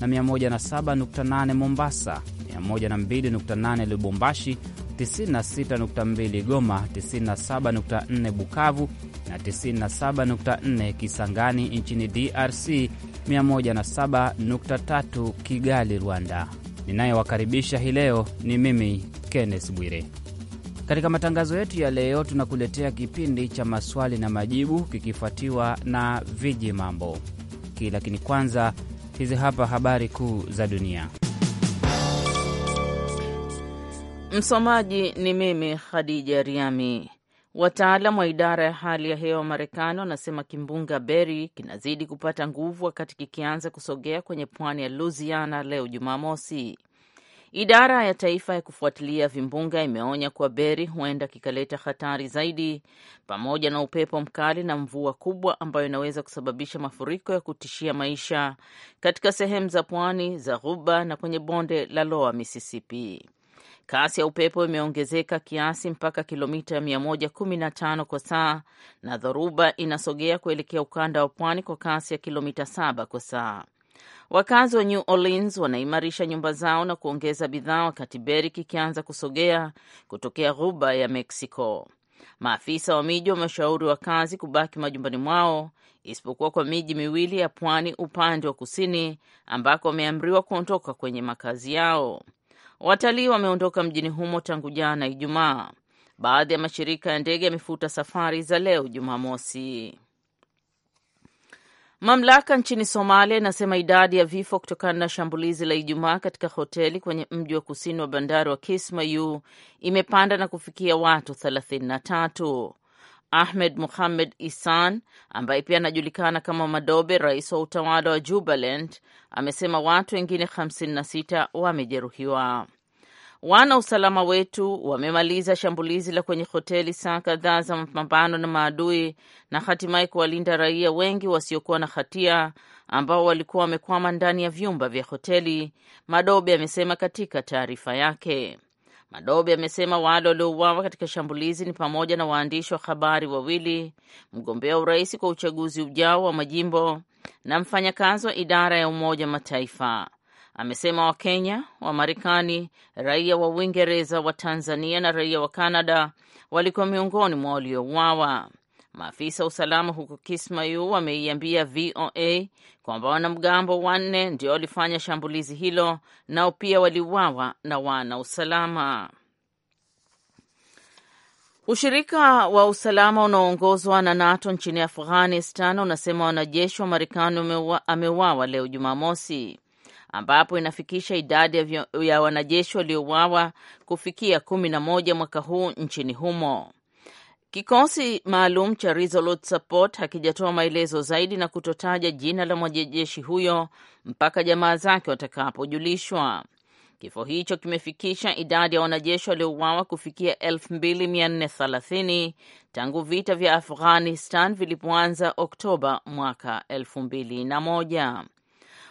na 107.8 Mombasa, 102.8 Lubumbashi, 96.2 Goma, 97.4 Bukavu na 97.4 Kisangani nchini DRC, 107.3 Kigali, Rwanda. Ninayewakaribisha hii leo ni mimi Kenneth Bwire. Katika matangazo yetu ya leo, tunakuletea kipindi cha maswali na majibu kikifuatiwa na viji mambo ki, lakini kwanza Hizi hapa habari kuu za dunia. Msomaji ni mimi Khadija Riami. Wataalam wa idara ya hali ya hewa wa Marekani wanasema kimbunga Beri kinazidi kupata nguvu wakati kikianza kusogea kwenye pwani ya Louisiana leo Jumamosi. Idara ya Taifa ya Kufuatilia Vimbunga imeonya kuwa Beri huenda kikaleta hatari zaidi, pamoja na upepo mkali na mvua kubwa ambayo inaweza kusababisha mafuriko ya kutishia maisha katika sehemu za pwani za Ghuba na kwenye bonde la Loa Mississippi. Kasi ya upepo imeongezeka kiasi mpaka kilomita 115 kwa saa na dhoruba inasogea kuelekea ukanda wa pwani kwa kasi ya kilomita 7 kwa saa. Wakazi wa New Orleans wanaimarisha nyumba zao na kuongeza bidhaa wakati beri kikianza kusogea kutokea ghuba ya Mexico. Maafisa wa miji wameshauri wakazi kubaki majumbani mwao isipokuwa kwa miji miwili ya pwani upande wa kusini ambako wameamriwa kuondoka kwenye makazi yao. Watalii wameondoka mjini humo tangu jana Ijumaa. Baadhi ya mashirika ya ndege yamefuta safari za leo Jumamosi. Mamlaka nchini Somalia inasema idadi ya vifo kutokana na shambulizi la Ijumaa katika hoteli kwenye mji wa kusini wa bandari wa Kismayu imepanda na kufikia watu 33. Ahmed Muhamed Isan ambaye pia anajulikana kama Madobe, rais wa utawala wa Jubaland, amesema watu wengine 56 wamejeruhiwa. Wana usalama wetu wamemaliza shambulizi la kwenye hoteli saa kadhaa za mapambano na maadui na hatimaye kuwalinda raia wengi wasiokuwa na hatia ambao walikuwa wamekwama ndani ya vyumba vya hoteli, Madobe amesema katika taarifa yake. Madobe amesema wale waliouawa katika shambulizi ni pamoja na waandishi wa habari wawili, mgombea urais kwa uchaguzi ujao wa majimbo na mfanyakazi wa idara ya Umoja Mataifa. Amesema Wakenya, Wamarekani, raia wa Uingereza, wa Tanzania na raia wa canada walikuwa miongoni mwa waliouawa. Maafisa wa usalama huko Kismayu wameiambia VOA kwamba wanamgambo wanne ndio walifanya shambulizi hilo, nao pia waliuawa na wana usalama. Ushirika wa usalama unaoongozwa na NATO nchini Afghanistan unasema wanajeshi wa Marekani ameuawa leo Jumamosi ambapo inafikisha idadi ya wanajeshi waliouawa kufikia kumi na moja mwaka huu nchini humo. Kikosi maalum cha Resolute Support hakijatoa maelezo zaidi na kutotaja jina la mwanajeshi huyo mpaka jamaa zake watakapojulishwa. Kifo hicho kimefikisha idadi ya wanajeshi waliouawa kufikia 2430 tangu vita vya Afghanistan vilipoanza Oktoba mwaka 2001.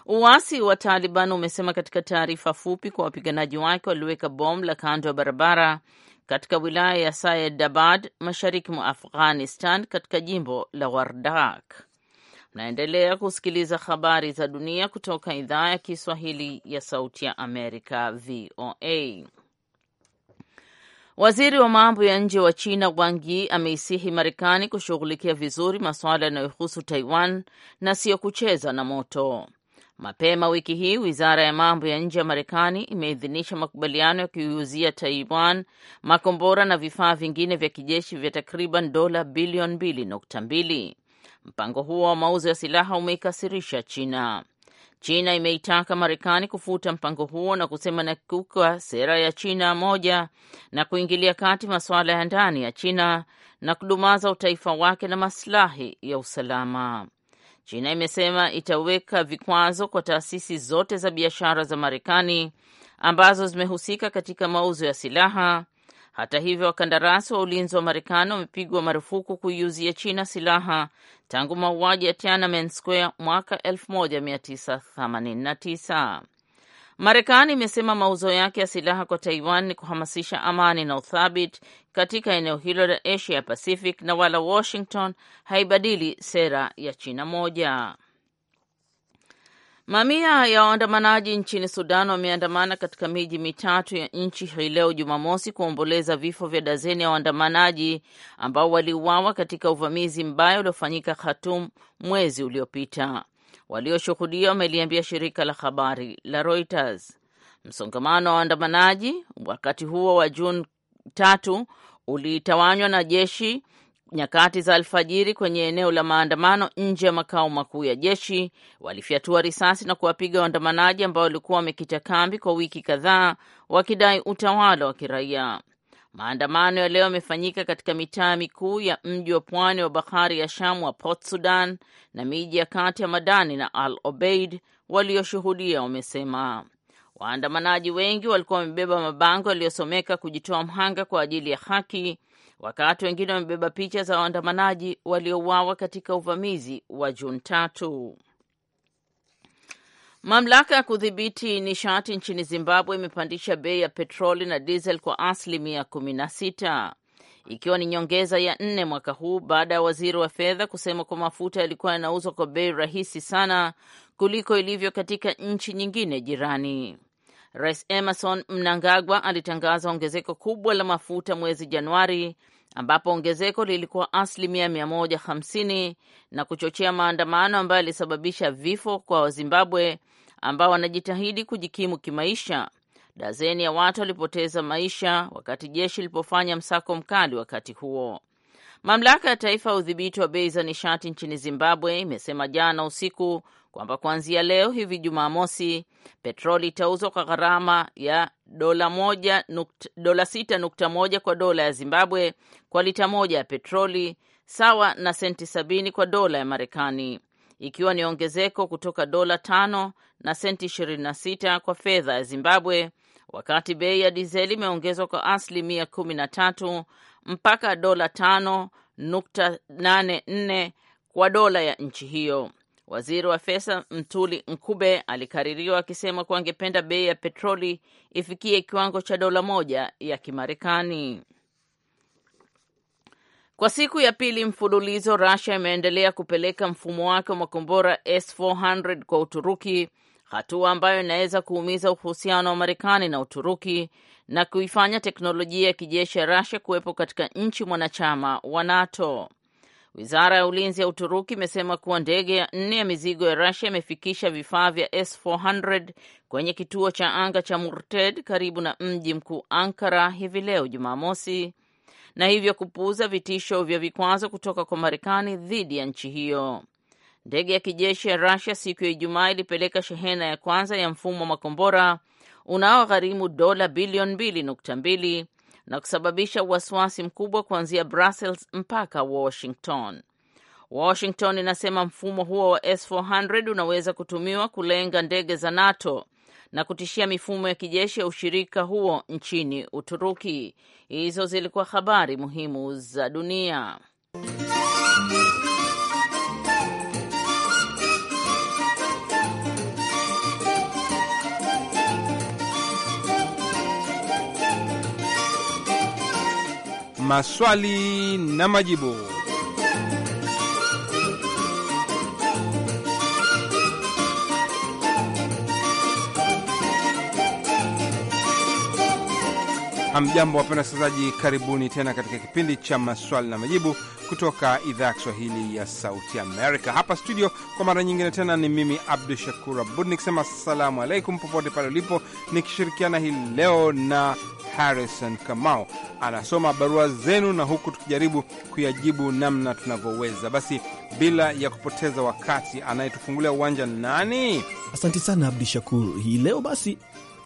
Uasi wa Taliban umesema katika taarifa fupi kwa wapiganaji wake waliweka bomu la kando ya barabara katika wilaya ya Sayedabad mashariki mwa Afghanistan katika jimbo la Wardak. Mnaendelea kusikiliza habari za dunia kutoka idhaa ya Kiswahili ya Sauti ya Amerika, VOA. Waziri wa mambo ya nje wa China Wang Yi ameisihi Marekani kushughulikia vizuri masuala yanayohusu Taiwan na siyo kucheza na moto. Mapema wiki hii wizara ya mambo ya nje ya Marekani imeidhinisha makubaliano ya kuiuzia Taiwan makombora na vifaa vingine vya kijeshi vya takriban dola bilioni 2.2. Mpango huo wa mauzo ya silaha umeikasirisha China. China imeitaka Marekani kufuta mpango huo na kusema na sera ya China moja na kuingilia kati masuala ya ndani ya China na kudumaza utaifa wake na masilahi ya usalama. China imesema itaweka vikwazo kwa taasisi zote za biashara za Marekani ambazo zimehusika katika mauzo ya silaha. Hata hivyo, wakandarasi wa ulinzi wa Marekani wamepigwa marufuku kuiuzia China silaha tangu mauaji ya Tiananmen Square mwaka 1989. Marekani imesema mauzo yake ya silaha kwa Taiwan ni kuhamasisha amani na uthabiti katika eneo hilo la Asia Pacific na wala Washington haibadili sera ya China moja. Mamia ya waandamanaji nchini Sudan wameandamana katika miji mitatu ya nchi hii leo Jumamosi kuomboleza vifo vya dazeni ya waandamanaji ambao waliuawa katika uvamizi mbaya uliofanyika Khartoum mwezi uliopita walioshuhudia wameliambia shirika la habari la Reuters. Msongamano wa waandamanaji wakati huo wa Juni tatu ulitawanywa na jeshi nyakati za alfajiri kwenye eneo la maandamano nje ya makao makuu ya jeshi. Walifyatua risasi na kuwapiga waandamanaji ambao walikuwa wamekita kambi kwa wiki kadhaa wakidai utawala wa kiraia. Maandamano ya leo yamefanyika katika mitaa mikuu ya mji wa pwani wa bahari ya Shamu wa Port Sudan na miji ya kati ya Madani na Al Obeid. Walioshuhudia wamesema waandamanaji wengi walikuwa wamebeba mabango yaliyosomeka kujitoa mhanga kwa ajili ya haki, wakati wengine wamebeba picha za waandamanaji waliouawa katika uvamizi wa Juni tatu. Mamlaka ya kudhibiti nishati nchini Zimbabwe imepandisha bei ya petroli na diesel kwa asilimia kumi na sita ikiwa ni nyongeza ya nne mwaka huu baada ya waziri wa fedha kusema kwa mafuta yalikuwa yanauzwa kwa bei rahisi sana kuliko ilivyo katika nchi nyingine jirani. Rais Emerson Mnangagwa alitangaza ongezeko kubwa la mafuta mwezi Januari, ambapo ongezeko lilikuwa asilimia 150 na kuchochea maandamano ambayo yalisababisha vifo kwa Wazimbabwe ambao wanajitahidi kujikimu kimaisha. Dazeni ya watu walipoteza maisha wakati jeshi lilipofanya msako mkali wakati huo. Mamlaka ya Taifa ya Udhibiti wa Bei za Nishati nchini Zimbabwe imesema jana usiku kwamba kuanzia leo hivi Jumamosi, petroli itauzwa kwa gharama ya dola moja nukta, dola sita nukta moja kwa dola ya Zimbabwe kwa lita moja ya petroli sawa na senti sabini kwa dola ya Marekani ikiwa ni ongezeko kutoka dola tano na senti 26 kwa fedha ya Zimbabwe, wakati bei ya dizeli imeongezwa kwa asilimia kumi na tatu mpaka dola tano nukta nane nne kwa dola ya nchi hiyo. Waziri wa Fedha Mtuli Nkube alikaririwa akisema kuwa angependa bei ya petroli ifikie kiwango cha dola moja ya Kimarekani. Kwa siku ya pili mfululizo, rusia imeendelea kupeleka mfumo wake wa makombora S400 kwa Uturuki, hatua ambayo inaweza kuumiza uhusiano wa Marekani na Uturuki na kuifanya teknolojia ya kijeshi ya rasia kuwepo katika nchi mwanachama wa NATO. Wizara ya ulinzi ya Uturuki imesema kuwa ndege ya nne ya mizigo ya rasia imefikisha vifaa vya S400 kwenye kituo cha anga cha Murted karibu na mji mkuu Ankara hivi leo Jumamosi, na hivyo kupuuza vitisho vya vikwazo kutoka kwa Marekani dhidi ya nchi hiyo. Ndege ya kijeshi ya rasia siku ya Ijumaa ilipeleka shehena ya kwanza ya mfumo wa makombora unaogharimu dola bilioni mbili na kusababisha wasiwasi mkubwa kuanzia Brussels mpaka Washington. Washington inasema mfumo huo wa S400 unaweza kutumiwa kulenga ndege za NATO na kutishia mifumo ya kijeshi ya ushirika huo nchini Uturuki. Hizo zilikuwa habari muhimu za dunia. Maswali na majibu. Hamjambo, wapenda wasikilizaji, karibuni tena katika kipindi cha maswali na majibu kutoka idhaa ya Kiswahili ya Sauti Amerika hapa studio. Kwa mara nyingine tena ni mimi Abdu Shakur Abud nikisema assalamu alaikum popote pale ulipo, nikishirikiana hii leo na Harrison Kamau anasoma barua zenu, na huku tukijaribu kuyajibu namna tunavyoweza. Basi bila ya kupoteza wakati, anayetufungulia uwanja nani? Asante sana Abdu Shakur. Hii leo basi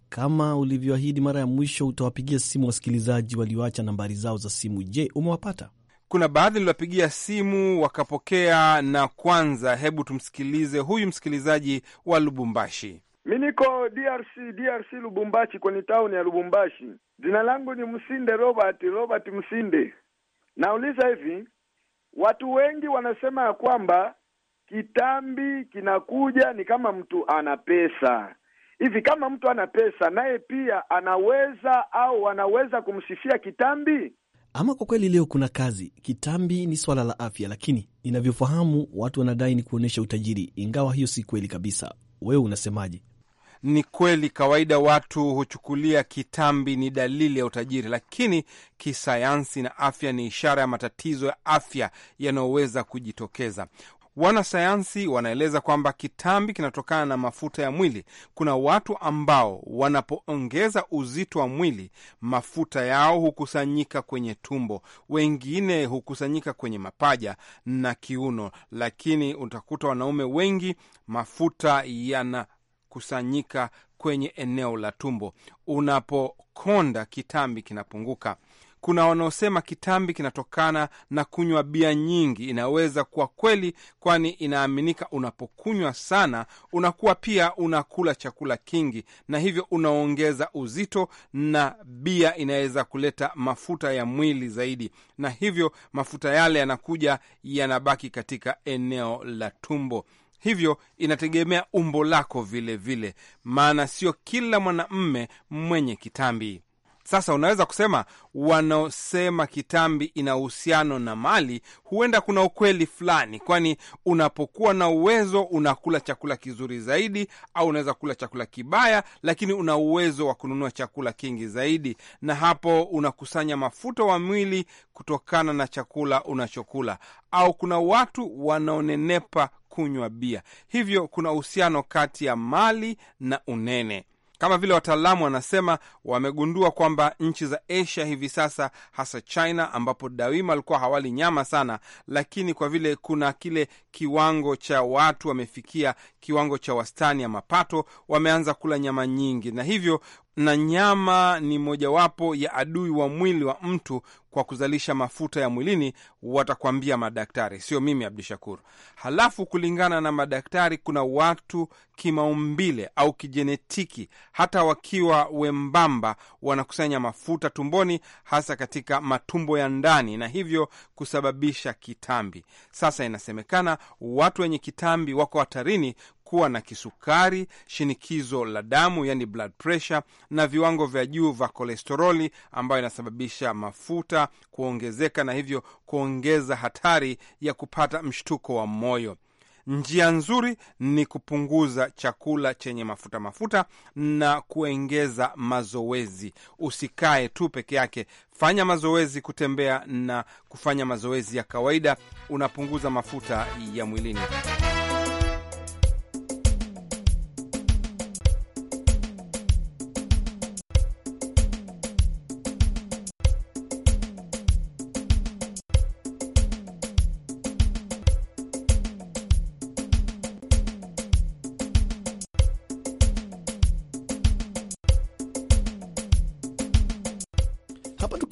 kama ulivyoahidi mara ya mwisho, utawapigia simu wasikilizaji walioacha nambari zao za simu. Je, umewapata? Kuna baadhi niliwapigia simu wakapokea. Na kwanza, hebu tumsikilize huyu msikilizaji wa Lubumbashi. Mi niko DRC, DRC Lubumbashi, kwenye tauni ya Lubumbashi. Jina langu ni Msinde Robert, Robert Msinde. Nauliza hivi, watu wengi wanasema ya kwamba kitambi kinakuja ni kama mtu ana pesa hivi kama mtu ana pesa naye pia anaweza au anaweza kumsifia kitambi? Ama kwa kweli leo kuna kazi. Kitambi ni swala la afya, lakini ninavyofahamu watu wanadai ni kuonyesha utajiri, ingawa hiyo si kweli kabisa. Wewe unasemaje? Ni kweli, kawaida watu huchukulia kitambi ni dalili ya utajiri, lakini kisayansi na afya ni ishara ya matatizo ya afya yanayoweza kujitokeza. Wanasayansi wanaeleza kwamba kitambi kinatokana na mafuta ya mwili. Kuna watu ambao wanapoongeza uzito wa mwili, mafuta yao hukusanyika kwenye tumbo, wengine hukusanyika kwenye mapaja na kiuno, lakini utakuta wanaume wengi mafuta yanakusanyika kwenye eneo la tumbo. Unapokonda, kitambi kinapunguka. Kuna wanaosema kitambi kinatokana na kunywa bia nyingi. Inaweza kuwa kweli, kwani inaaminika unapokunywa sana unakuwa pia unakula chakula kingi, na hivyo unaongeza uzito, na bia inaweza kuleta mafuta ya mwili zaidi, na hivyo mafuta yale yanakuja yanabaki katika eneo la tumbo. Hivyo inategemea umbo lako vilevile, maana sio kila mwanamme mwenye kitambi. Sasa unaweza kusema wanaosema Kitambi ina uhusiano na Mali, huenda kuna ukweli fulani, kwani unapokuwa na uwezo unakula chakula kizuri zaidi, au unaweza kula chakula kibaya, lakini una uwezo wa kununua chakula kingi zaidi, na hapo unakusanya mafuta wa mwili kutokana na chakula unachokula. Au kuna watu wanaonenepa kunywa bia, hivyo kuna uhusiano kati ya mali na unene. Kama vile wataalamu wanasema, wamegundua kwamba nchi za Asia hivi sasa, hasa China ambapo dawima walikuwa hawali nyama sana, lakini kwa vile kuna kile kiwango cha watu wamefikia kiwango cha wastani ya mapato, wameanza kula nyama nyingi na hivyo na nyama ni mojawapo ya adui wa mwili wa mtu kwa kuzalisha mafuta ya mwilini, watakwambia madaktari, sio mimi Abdu Shakur. Halafu kulingana na madaktari, kuna watu kimaumbile au kijenetiki, hata wakiwa wembamba, wanakusanya mafuta tumboni, hasa katika matumbo ya ndani, na hivyo kusababisha kitambi. Sasa inasemekana watu wenye kitambi wako hatarini kuwa na kisukari, shinikizo la damu yani blood pressure, na viwango vya juu vya kolesteroli ambayo inasababisha mafuta kuongezeka na hivyo kuongeza hatari ya kupata mshtuko wa moyo. Njia nzuri ni kupunguza chakula chenye mafuta mafuta na kuengeza mazoezi. Usikae tu peke yake, fanya mazoezi, kutembea na kufanya mazoezi ya kawaida, unapunguza mafuta ya mwilini.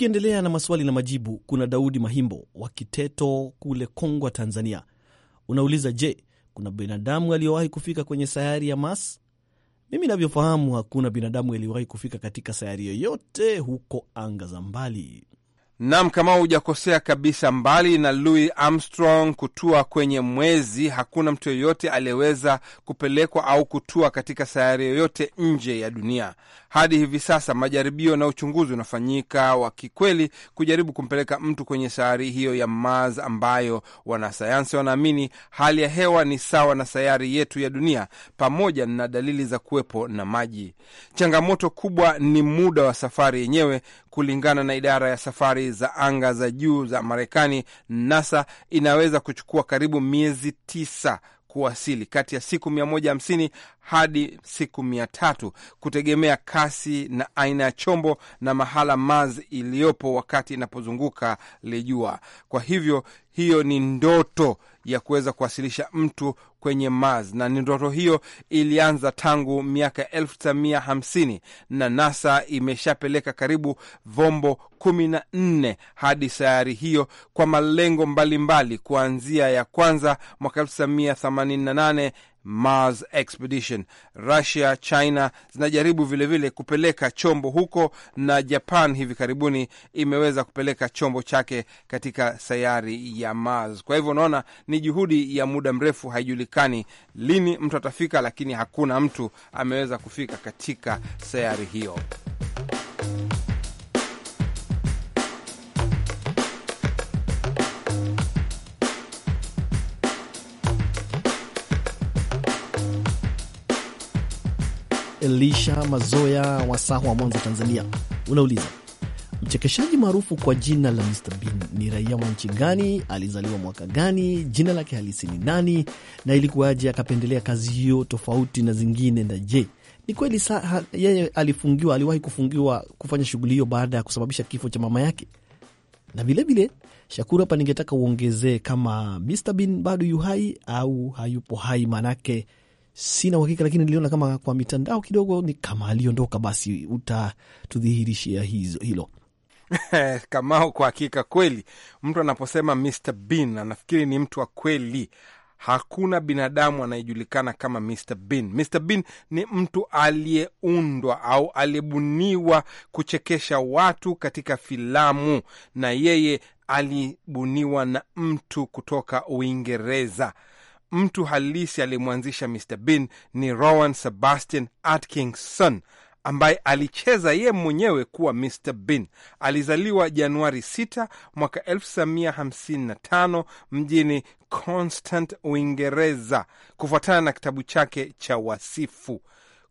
Tukiendelea na maswali na majibu, kuna Daudi Mahimbo wa Kiteto kule Kongwa, Tanzania. Unauliza, je, kuna binadamu aliyowahi kufika kwenye sayari ya Mars? Mimi navyofahamu hakuna binadamu aliyowahi kufika katika sayari yoyote huko anga za mbali. Nam, kama hujakosea kabisa. Mbali na Louis Armstrong kutua kwenye mwezi, hakuna mtu yeyote aliyeweza kupelekwa au kutua katika sayari yoyote nje ya dunia hadi hivi sasa. Majaribio na uchunguzi unafanyika wa kikweli kujaribu kumpeleka mtu kwenye sayari hiyo ya Mars, ambayo wanasayansi wanaamini hali ya hewa ni sawa na sayari yetu ya dunia, pamoja na dalili za kuwepo na maji. Changamoto kubwa ni muda wa safari yenyewe kulingana na idara ya safari za anga za juu za Marekani, NASA, inaweza kuchukua karibu miezi tisa kuwasili, kati ya siku hamsini hadi siku mia tatu kutegemea kasi na aina ya chombo na mahala Mars iliyopo wakati inapozunguka lijua. Kwa hivyo hiyo ni ndoto ya kuweza kuwasilisha mtu kwenye Mars, na ni ndoto hiyo ilianza tangu miaka 1950 na NASA imeshapeleka karibu vombo 14 hadi sayari hiyo kwa malengo mbalimbali, kuanzia ya kwanza mwaka 1988 Mars Expedition. Russia, China zinajaribu vilevile vile kupeleka chombo huko, na Japan hivi karibuni imeweza kupeleka chombo chake katika sayari ya Mars. Kwa hivyo unaona, ni juhudi ya muda mrefu, haijulikani lini mtu atafika, lakini hakuna mtu ameweza kufika katika sayari hiyo. Elisha Mazoya wa Sahwa, Mwanza, Tanzania, unauliza mchekeshaji maarufu kwa jina la Mr Bean ni raia wa nchi gani? Alizaliwa mwaka gani? Jina lake halisi ni nani? Na ilikuwaje akapendelea kazi hiyo tofauti na zingine? Na je, ni kweli yeye alifungiwa, aliwahi kufungiwa kufanya shughuli hiyo baada ya kusababisha kifo cha mama yake? Na vilevile, Shakuru, hapa ningetaka uongezee kama Mr Bean bado yu hai au hayupo hai, maanake sina uhakika, lakini niliona kama kwa mitandao kidogo ni kama aliondoka. Basi utatudhihirishia hilo. Kamao, kwa hakika kweli, mtu anaposema Mr Bean anafikiri ni mtu wa kweli. Hakuna binadamu anayejulikana kama Mr Bean. Mr Bean ni mtu aliyeundwa au aliyebuniwa kuchekesha watu katika filamu, na yeye alibuniwa na mtu kutoka Uingereza mtu halisi alimwanzisha Mr Bean ni Rowan Sebastian Atkinson ambaye alicheza ye mwenyewe kuwa Mr Bean. Alizaliwa Januari 6 mwaka 1955 mjini Constant, Uingereza, kufuatana na kitabu chake cha wasifu.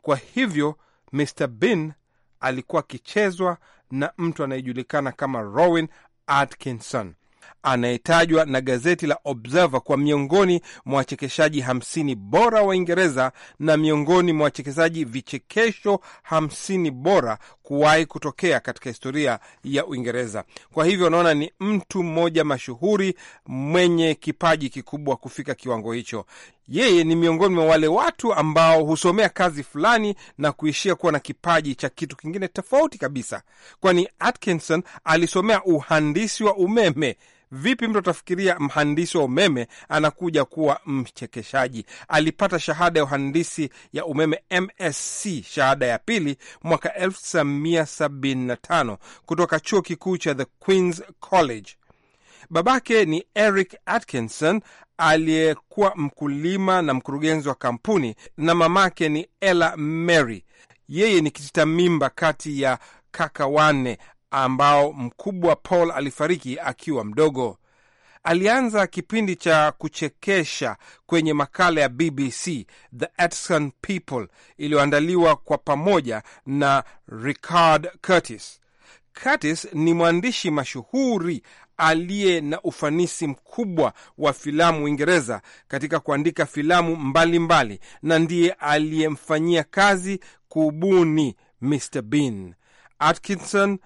Kwa hivyo Mr Bean alikuwa akichezwa na mtu anayejulikana kama Rowan Atkinson anayetajwa na gazeti la Observer kwa miongoni mwa wachekeshaji hamsini bora wa Uingereza na miongoni mwa wachekeshaji vichekesho hamsini bora kuwahi kutokea katika historia ya Uingereza. Kwa hivyo unaona, ni mtu mmoja mashuhuri mwenye kipaji kikubwa kufika kiwango hicho. Yeye ni miongoni mwa wale watu ambao husomea kazi fulani na kuishia kuwa na kipaji cha kitu kingine tofauti kabisa, kwani Atkinson alisomea uhandisi wa umeme Vipi mtu atafikiria mhandisi wa umeme anakuja kuwa mchekeshaji? Alipata shahada ya uhandisi ya umeme MSc, shahada ya pili mwaka 1975 kutoka chuo kikuu cha The Queen's College. Babake ni Eric Atkinson aliyekuwa mkulima na mkurugenzi wa kampuni, na mamake ni Ella Mary. Yeye ni kitita mimba kati ya kaka wanne ambao mkubwa Paul alifariki akiwa mdogo. Alianza kipindi cha kuchekesha kwenye makala ya BBC The Atkinson People iliyoandaliwa kwa pamoja na Richard Curtis. Curtis ni mwandishi mashuhuri aliye na ufanisi mkubwa wa filamu Uingereza katika kuandika filamu mbalimbali, na ndiye aliyemfanyia kazi kubuni Mr Bean. Atkinson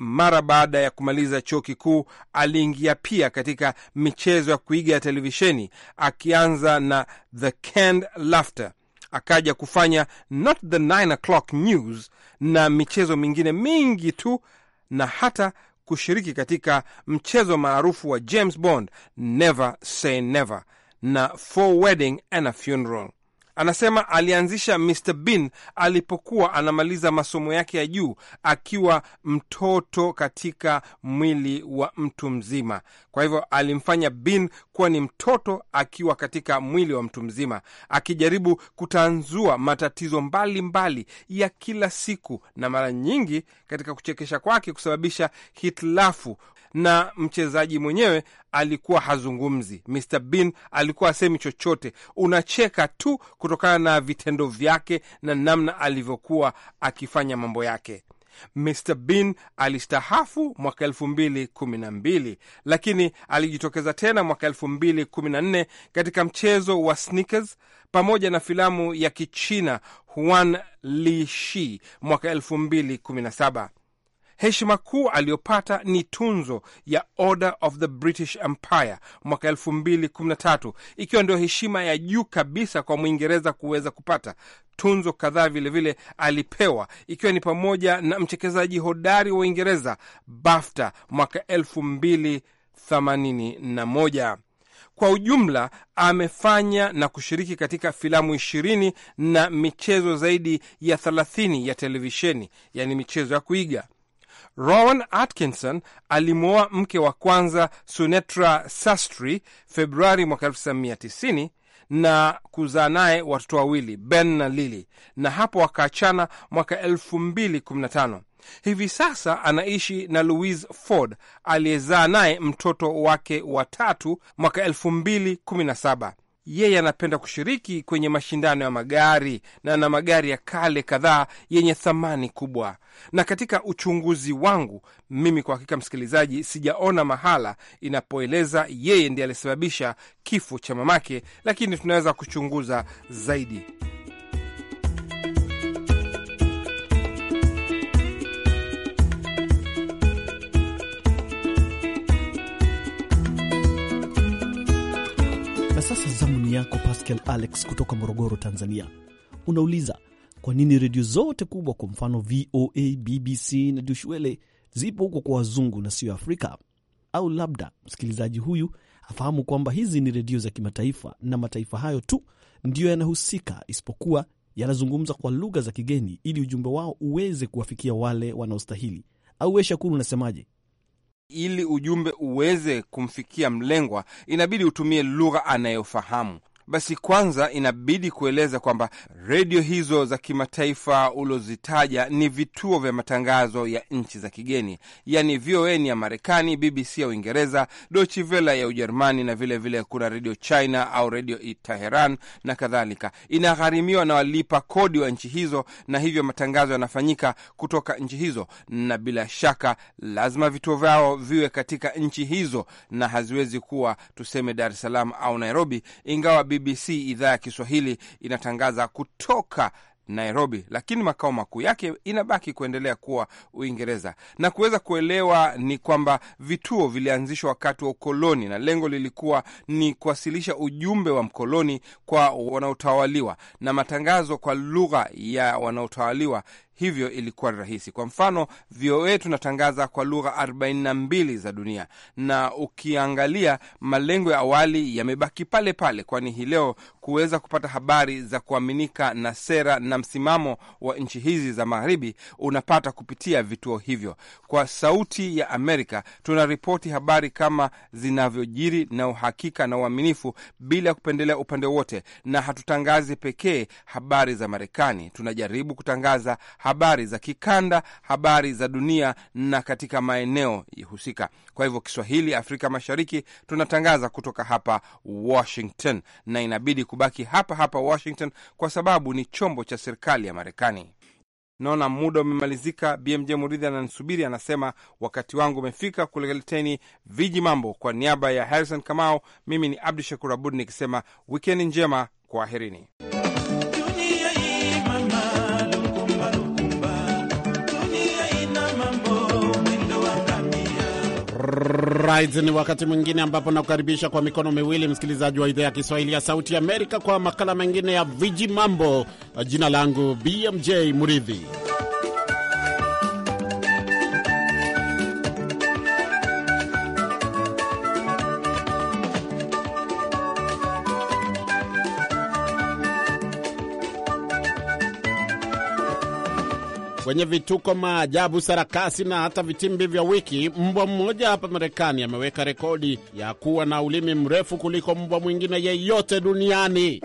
mara baada ya kumaliza chuo kikuu, aliingia pia katika michezo ya kuiga ya televisheni, akianza na The Canned Laughter, akaja kufanya Not the 9 O'Clock News na michezo mingine mingi tu, na hata kushiriki katika mchezo maarufu wa James Bond, Never Say Never na for Wedding and a Funeral. Anasema alianzisha Mr Bean alipokuwa anamaliza masomo yake ya juu akiwa mtoto katika mwili wa mtu mzima. Kwa hivyo alimfanya Bean kuwa ni mtoto akiwa katika mwili wa mtu mzima, akijaribu kutanzua matatizo mbalimbali mbali ya kila siku, na mara nyingi katika kuchekesha kwake kusababisha hitilafu na mchezaji mwenyewe alikuwa hazungumzi. Mr Bean alikuwa asemi chochote, unacheka tu kutokana na vitendo vyake na namna alivyokuwa akifanya mambo yake. Mr Bean alistahafu mwaka elfu mbili kumi na mbili lakini alijitokeza tena mwaka elfu mbili kumi na nne katika mchezo wa sneakers pamoja na filamu ya Kichina Huan Lishi mwaka elfu mbili kumi na saba. Heshima kuu aliyopata ni tunzo ya Order of the British Empire mwaka 2013 ikiwa ndio heshima ya juu kabisa kwa Mwingereza kuweza kupata. Tunzo kadhaa vilevile alipewa ikiwa ni pamoja na mchekezaji hodari wa Uingereza BAFTA mwaka 2081. Kwa ujumla amefanya na kushiriki katika filamu ishirini na michezo zaidi ya thelathini ya televisheni, yani michezo ya kuiga. Rowan Atkinson alimwoa mke wa kwanza Sunetra Sastry Februari mwaka 1990 na kuzaa naye watoto wawili Ben na Lili, na hapo wakaachana mwaka 2015. Hivi sasa anaishi na Louise Ford aliyezaa naye mtoto wake wa tatu mwaka 2017 yeye anapenda kushiriki kwenye mashindano ya magari na ana magari ya kale kadhaa yenye thamani kubwa. Na katika uchunguzi wangu mimi, kwa hakika, msikilizaji, sijaona mahala inapoeleza yeye ndiye alisababisha kifo cha mamake, lakini tunaweza kuchunguza zaidi. Zamu ni yako Pascal Alex kutoka Morogoro, Tanzania. Unauliza kwa nini redio zote kubwa, kwa mfano VOA, BBC na Dushwele, zipo huko kwa wazungu na sio Afrika? Au labda msikilizaji huyu afahamu kwamba hizi ni redio za kimataifa na mataifa hayo tu ndiyo yanahusika, isipokuwa yanazungumza kwa lugha za kigeni ili ujumbe wao uweze kuwafikia wale wanaostahili. Au we Shakuru, unasemaje? ili ujumbe uweze kumfikia mlengwa, inabidi utumie lugha anayofahamu basi kwanza inabidi kueleza kwamba redio hizo za kimataifa ulozitaja ni vituo vya matangazo ya nchi za kigeni, yani VOA ni ya Marekani, BBC ya Uingereza, Deutsche Welle ya Ujerumani, na vilevile vile kuna redio China au redio Teheran na kadhalika. Inagharimiwa na walipa kodi wa nchi hizo, na hivyo matangazo yanafanyika kutoka nchi hizo, na bila shaka lazima vituo vyao viwe katika nchi hizo, na haziwezi kuwa tuseme Dar es Salaam au Nairobi, ingawa BBC idhaa ya Kiswahili inatangaza kutoka Nairobi, lakini makao makuu yake inabaki kuendelea kuwa Uingereza. Na kuweza kuelewa ni kwamba vituo vilianzishwa wakati wa ukoloni, na lengo lilikuwa ni kuwasilisha ujumbe wa mkoloni kwa wanaotawaliwa, na matangazo kwa lugha ya wanaotawaliwa hivyo ilikuwa rahisi. Kwa mfano, VOA e tunatangaza kwa lugha 42 za dunia, na ukiangalia malengo ya awali yamebaki pale pale, kwani hii leo kuweza kupata habari za kuaminika na sera na msimamo wa nchi hizi za magharibi unapata kupitia vituo hivyo. Kwa Sauti ya Amerika tunaripoti habari kama zinavyojiri na uhakika na uaminifu bila ya kupendelea upande wote, na hatutangazi pekee habari za Marekani, tunajaribu kutangaza habari za kikanda, habari za dunia na katika maeneo husika. Kwa hivyo Kiswahili Afrika Mashariki tunatangaza kutoka hapa Washington, na inabidi kubaki hapa hapa Washington kwa sababu ni chombo cha serikali ya Marekani. Naona muda umemalizika. BMJ Muridhi ananisubiri, anasema wakati wangu umefika kuleteni viji mambo. Kwa niaba ya Harrison Kamau, mimi ni Abdu Shakur Abud nikisema wikendi njema, kwaherini. Alright, ni wakati mwingine ambapo nakukaribisha kwa mikono miwili msikilizaji wa idhaa ya Kiswahili ya Sauti Amerika kwa makala mengine ya Viji Mambo. Jina langu BMJ Muridhi. Kwenye vituko, maajabu, sarakasi na hata vitimbi vya wiki, mbwa mmoja hapa Marekani ameweka rekodi ya kuwa na ulimi mrefu kuliko mbwa mwingine yeyote duniani.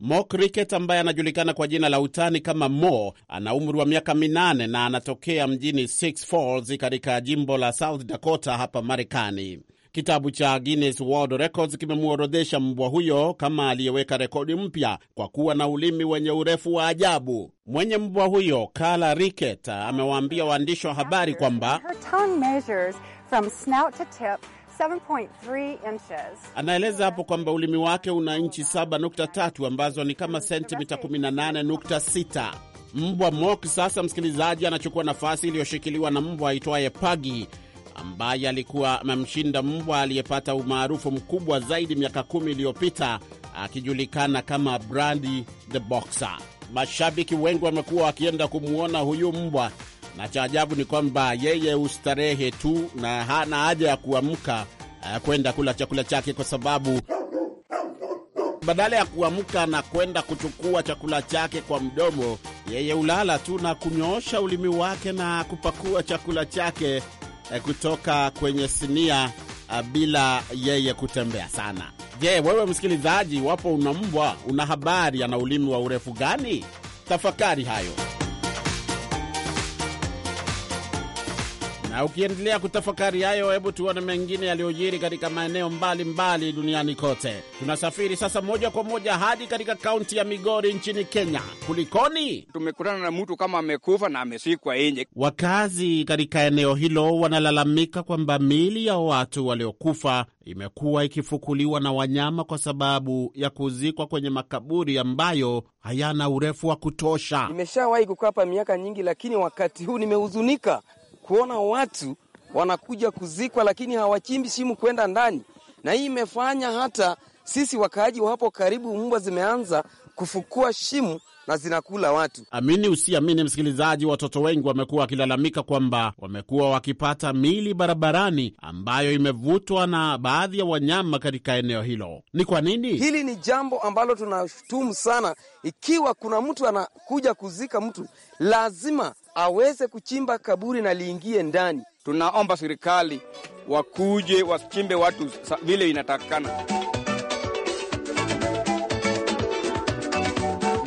Mo Cricket ambaye anajulikana kwa jina la utani kama Mo ana umri wa miaka minane na anatokea mjini Sioux Falls katika jimbo la South Dakota hapa Marekani. Kitabu cha Guinness World Records kimemworodhesha mbwa huyo kama aliyeweka rekodi mpya kwa kuwa na ulimi wenye urefu wa ajabu. Mwenye mbwa huyo Kala Riket amewaambia waandishi wa habari kwamba anaeleza hapo kwamba ulimi wake una inchi 7.3 ambazo ni kama sentimita 18.6. Mbwa Mok sasa, msikilizaji, anachukua nafasi iliyoshikiliwa na mbwa aitwaye Pagi ambaye alikuwa amemshinda mbwa aliyepata umaarufu mkubwa zaidi miaka kumi iliyopita akijulikana kama Brandi the Boxer. Mashabiki wengi wamekuwa wakienda kumwona huyu mbwa, na cha ajabu ni kwamba yeye ustarehe tu na hana haja ya kuamka eh, kwenda kula chakula chake kwa sababu badala ya kuamka na kwenda kuchukua chakula chake kwa mdomo, yeye ulala tu na kunyoosha ulimi wake na kupakua chakula chake Eh, kutoka kwenye sinia eh, bila yeye kutembea sana. Je, wewe msikilizaji, wapo una mbwa, una habari ana ulimi wa urefu gani? Tafakari hayo. Na ukiendelea kutafakari hayo, hebu tuone mengine yaliyojiri katika maeneo mbalimbali duniani kote. Tunasafiri sasa moja kwa moja hadi katika kaunti ya Migori nchini Kenya. Kulikoni? Tumekutana na mtu kama amekufa na amesikwa nje. Wakazi katika eneo hilo wanalalamika kwamba miili ya watu waliokufa imekuwa ikifukuliwa na wanyama kwa sababu ya kuzikwa kwenye makaburi ambayo hayana urefu wa kutosha. Nimeshawahi kukaa hapa miaka nyingi, lakini wakati huu nimehuzunika kuona watu wanakuja kuzikwa, lakini hawachimbi shimu kwenda ndani, na hii imefanya hata sisi wakaaji wa hapo karibu, mbwa zimeanza kufukua shimu na zinakula watu. Amini usiamini, msikilizaji, watoto wengi wamekuwa wakilalamika kwamba wamekuwa wakipata mili barabarani ambayo imevutwa na baadhi ya wanyama katika eneo hilo. Ni kwa nini? Hili ni jambo ambalo tunashutumu sana. Ikiwa kuna mtu anakuja kuzika mtu, lazima aweze kuchimba kaburi na liingie ndani. Tunaomba serikali wakuje wachimbe watu vile inatakikana.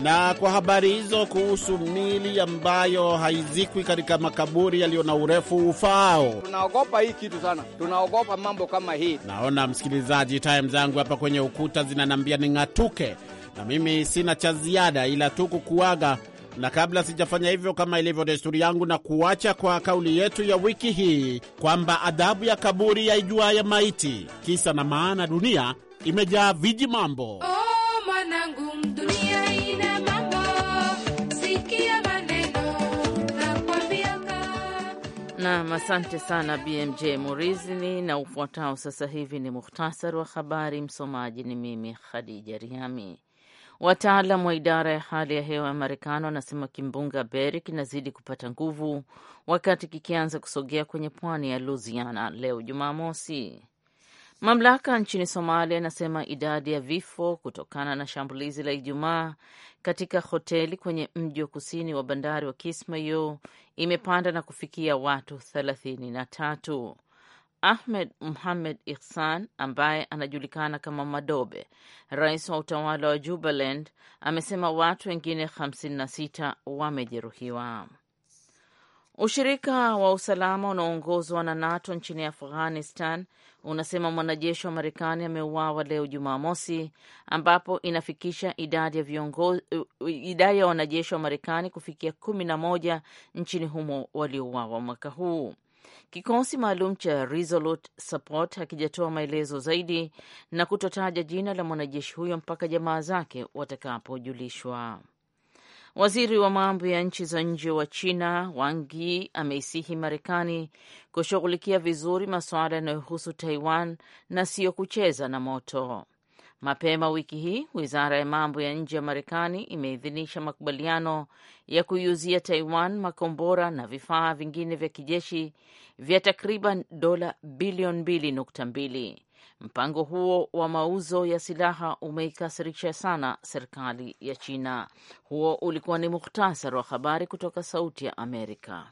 Na kwa habari hizo kuhusu mili ambayo haizikwi katika makaburi yaliyo na urefu ufaao, tunaogopa hii kitu sana, tunaogopa mambo kama hii. Naona msikilizaji, time zangu hapa kwenye ukuta zinanambia ning'atuke, na mimi sina cha ziada ila tu kukuaga na kabla sijafanya hivyo, kama ilivyo desturi yangu, na kuacha kwa kauli yetu ya wiki hii kwamba adhabu ya kaburi yaijua ya maiti, kisa na maana dunia imejaa viji mambo. Oh, asante sana BMJ Murizini. Na ufuatao sasa hivi ni muhtasari wa habari. Msomaji ni mimi Khadija Riami. Wataalam wa idara ya hali ya hewa ya Marekani wanasema kimbunga Beri kinazidi kupata nguvu wakati kikianza kusogea kwenye pwani ya Louisiana leo Jumamosi. Mamlaka nchini Somalia inasema idadi ya vifo kutokana na shambulizi la Ijumaa katika hoteli kwenye mji wa kusini wa bandari wa Kismayo imepanda na kufikia watu thelathini na tatu. Ahmed muhamed Ihsan ambaye anajulikana kama Madobe, rais wa utawala wa Jubaland, amesema watu wengine 56 wamejeruhiwa. Ushirika wa usalama unaoongozwa na NATO nchini Afghanistan unasema mwanajeshi wa Marekani ameuawa leo Jumamosi, ambapo inafikisha idadi ya viongozi, idadi ya wanajeshi wa Marekani kufikia kumi na moja nchini humo waliouawa mwaka huu. Kikosi maalum cha Resolute Support hakijatoa maelezo zaidi na kutotaja jina la mwanajeshi huyo mpaka jamaa zake watakapojulishwa. Waziri wa mambo ya nchi za nje wa China Wang Yi ameisihi Marekani kushughulikia vizuri masuala yanayohusu Taiwan na siyo kucheza na moto. Mapema wiki hii wizara ya mambo ya nje ya Marekani imeidhinisha makubaliano ya kuiuzia Taiwan makombora na vifaa vingine vya kijeshi vya takriban dola bilioni mbili nukta mbili. Mpango huo wa mauzo ya silaha umeikasirisha sana serikali ya China. Huo ulikuwa ni muhtasari wa habari kutoka Sauti ya Amerika.